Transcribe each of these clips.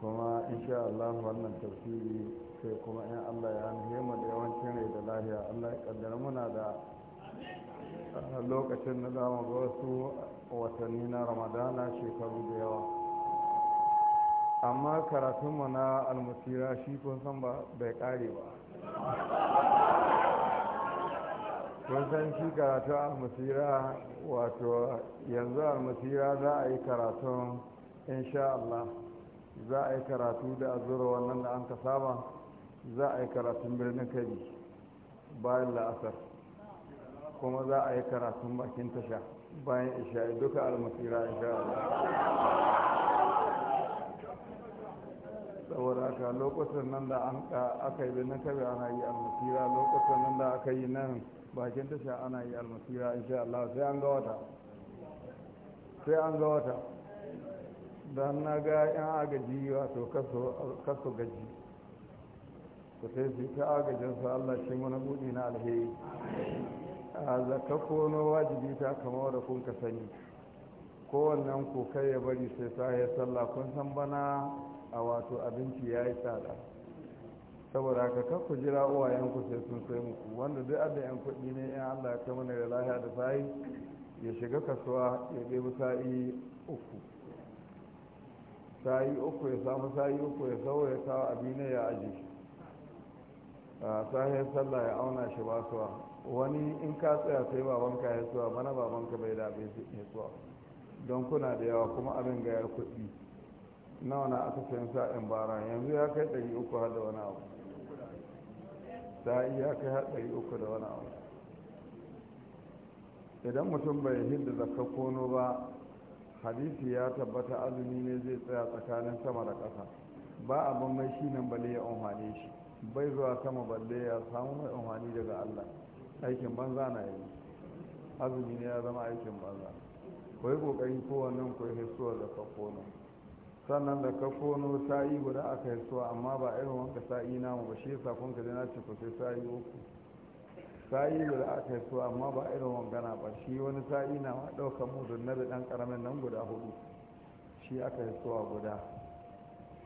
kuma insha Allah wannan tafsiri sai kuma in Allah ya nema mu da yawancin rai da lahiya Allah ya kaddara muna da lokacin da za mu ga wasu watanni na ramadana shekaru da yawa amma karatunmu na almasira shi kun san ba bai kare ba kun san shi karatu almasira wato yanzu almasira za a yi karatun insha Allah za a yi karatu da azura wannan da an ka saba za a yi karatun birnin kabi bayan la'asar kuma za a yi karatun bakin tasha bayan isha duka almasira insha Allah saboda haka lokacin nan da aka yi birnin kabi ana yi almasira lokacin nan da aka yi nan bakin tasha ana yi almasira insha Allah sai an ga wata sai an ga wata don na ga yan agaji wato kaso gaji ku sai su ta agajin su Allah shi mana buɗi na alheri a zaka kono wajibi ta kama da kun ka sani Kowannan ku kai ya bari sai sa ya sallah kun san bana a wato abinci ya yi tsada saboda haka kan ku jira uwayenku sai sun sai muku wanda duk adda yan kuɗi ne in allah ya kama da lahiya da sa'i ya shiga kasuwa ya ɗebi sa'i uku sa'i uku ya samu sa'i uku ya sau ya kawo abinai ya aji a sahi sallah ya auna shi basuwa wani in ka tsaya sai babanka ya suwa mana babanka bai da abin ya suwa don kuna da yawa kuma abin ga ya kuɗi nawa na aka sayan sa'in bara yanzu ya kai ɗari uku har da wani abu ta iya kai har ɗari uku da wani abu idan mutum bai hidda da kono ba hadisi ya tabbata azumi ne zai tsaya tsakanin sama da ƙasa ba a mai shi nan balle ya amfane shi bai zuwa sama balle ya samu mai amfani daga allah aikin banza na yi azumi ne ya zama aikin banza ku yi ƙoƙari kowannen ku yi hisuwar sannan da ka kono sa'i guda aka yi suwa amma ba irin wanka sa'i namu ba shi ya kun ka na ce ku sai sa'i uku sa'i guda aka yi suwa amma ba irin wanka na ba shi wani sa'i na ma ɗaukar mu na nabi ɗan ƙaramin nan guda hudu shi aka yi suwa guda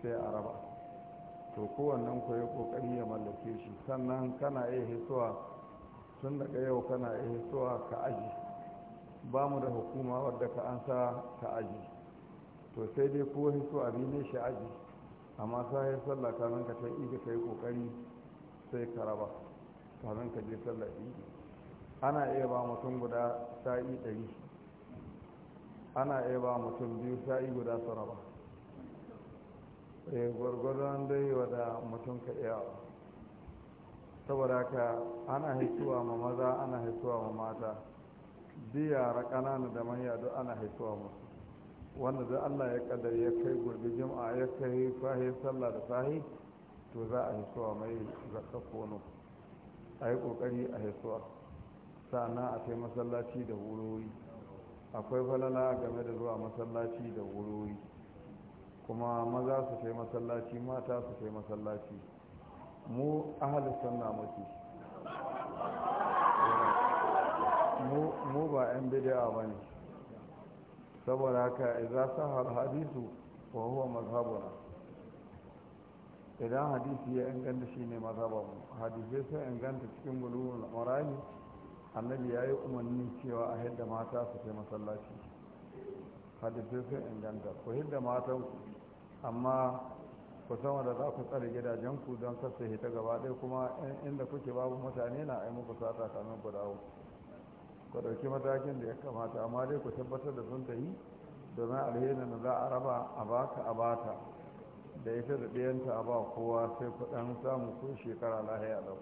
sai a raba to wannan ku ya ƙoƙari ya mallake shi sannan kana iya hisuwa tun daga yau kana iya hisuwa ka aji ba mu da hukuma wadda ka ansa ka aji to sai dai ko so abin ne shi aji amma sai sallah ta ranka ta yi ta yi kokari sai ka raba kafin ka je sallah idi ana iya ba mutum guda sa'i ɗari ana iya ba mutum biyu sa'i guda su raba e gwargwadon dai wada mutum ka iya saboda ka ana haituwa ma maza ana haituwa ma mata Biya, ƙanana da manya duk ana haituwa musu wanda da Allah ya kadar ya kai gurbi jama'a ya kai fahi sallah da fahi to za a hisuwa mai zakka kono a yi kokari a hisuwa sannan a kai masallaci da wurori akwai falala game da zuwa masallaci da wurori kuma maza su kai masallaci mata su kai masallaci mu ahalin na mace mu ba 'yan bidiya ba ne saboda haka su sahar hadisu wa huwa mazhabuna idan hadisi ya inganta ne mazhabu hadisai sai inganta cikin gulubun al'amurani annabi ya yi umarni cewa a hidda mata su kai masallaci hadisai sun inganta ku hidda matan ku amma ku sama da za ku tsare gidajenku don kasa hita gaba ɗaya kuma inda kuke babu mutane na ai ku sata kamin ku dawo ku ɗauki matakin da ya kamata amma dai ku tabbatar da sun tahi? Don domin alherin da za a raba a baka a bata da ita da ɗayanta a ba kowa sai kuɗin samu ko shekara lahiya lau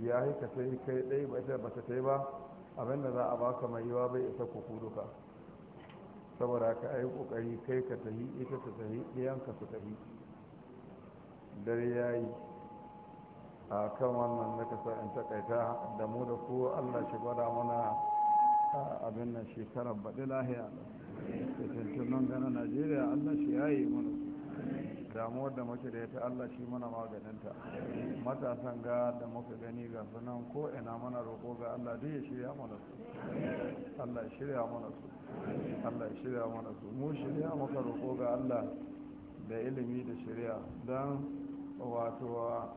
ya yi ka sai kai ɗai ba ita ba ta tai ba abinda za a baka mai yiwa bai isa ku duka saboda ka yi kokari kai ka tahi ita ta tahi ɗayanka su tahi dare ya yi a kan wannan da kasa in takaita da mu da ku allah shi gwada mana abin nan shekarar baɗi lahiya da tuntunan gana najeriya allah shi yi mana damuwar da muke da ta allah shi mana maganinta matasan ga da muka gani ga sunan ko ina mana roƙo ga allah duk ya shirya mana su allah ya shirya mana su allah ya shirya mana su mu shirya maka roƙo ga allah da ilimi da shirya don wato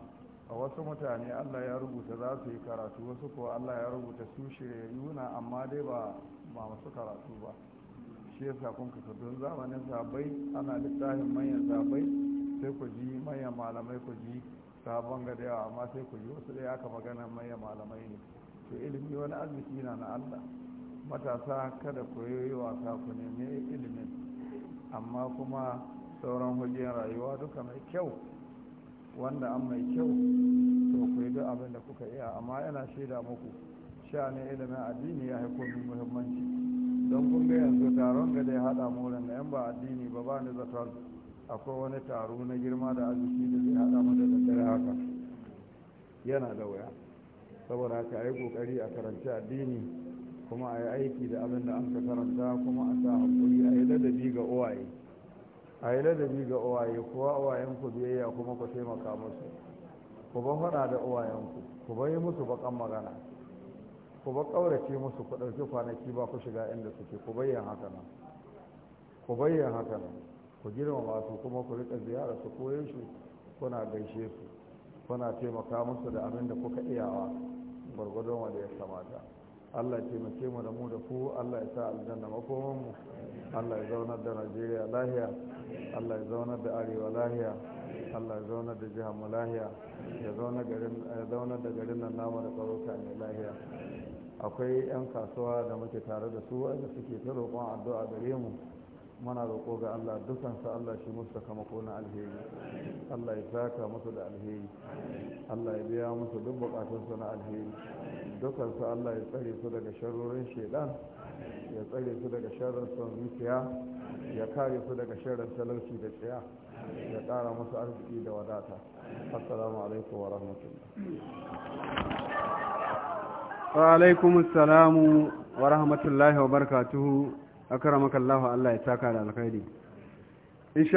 A wasu mutane allah ya rubuta za su yi karatu wasu ko allah ya rubuta su shiryayyu amma dai ba masu karatu ba shi yasa kun kasa don zamanin zabai ana littafin manyan zabai sai ku ji manyan malamai ku ji sabon ga da amma sai ku ji wasu dai aka magana manyan malamai ne to ilimi wani arziki na na allah matasa kada ku yi wasa ku nemi ilimin amma kuma sauran hujjiyar rayuwa duka mai kyau wanda an mai kyau to ku yi duk abin da kuka iya amma yana shaida muku Sha ne ilimin addini ya haiko min muhimmanci don kun ga yanzu taron ga da ya haɗa mu da yan ba addini ba ba ni zaton akwai wani taro na girma da arziki da zai haɗa mu da daddare haka yana da waya. saboda haka a yi ƙoƙari a karanci addini kuma a yi aiki da abin da an ka karanta kuma a sa haƙuri a yi ladabi ga uwaye a yi ladabi ga uwaye kuwa uwayenku biyayya kuma ku taimaka musu ku ba faɗa da uwayenku ku bai musu bakan magana ku ba ƙaurace musu ku ɗauki kwanaki ba ku shiga inda suke ku bayyana haka nan ku bayyana haka nan ku girmama su kuma ku riƙa ziyara su koye su kuna gaishe su kuna taimaka musu da abin da kuka iyawa gwargwadon wanda ya kamata Allah ya taimake mu da mu da ku Allah ya sa aljanna makoman mu Allah ya zaunar da Najeriya lahiya Allah ya zaunar da Arewa lahiya Allah ya zaunar da jihar mu lahiya ya zaunar da garin nan namu da ƙauyuka ne lahiya akwai 'yan kasuwa da muke tare da su wanda suke ta roƙon addu'a gare mu muna roƙo ga Allah sa Allah shi musu sakamako na alheri Allah ya zaka musu da alheri Allah ya biya musu duk bukatunsu na alheri dukansu Allah ya tsare su daga sharorin shaidan ya tsare su daga sharar son zuciya ya kare su daga sharar talauci da tsaya ya ƙara musu arziki da wadata assalamu alaikum wa rahmatullah wa alaikum assalamu wa rahmatullahi wa barakatuhu akramaka Allah Allah ya taka da alkhairi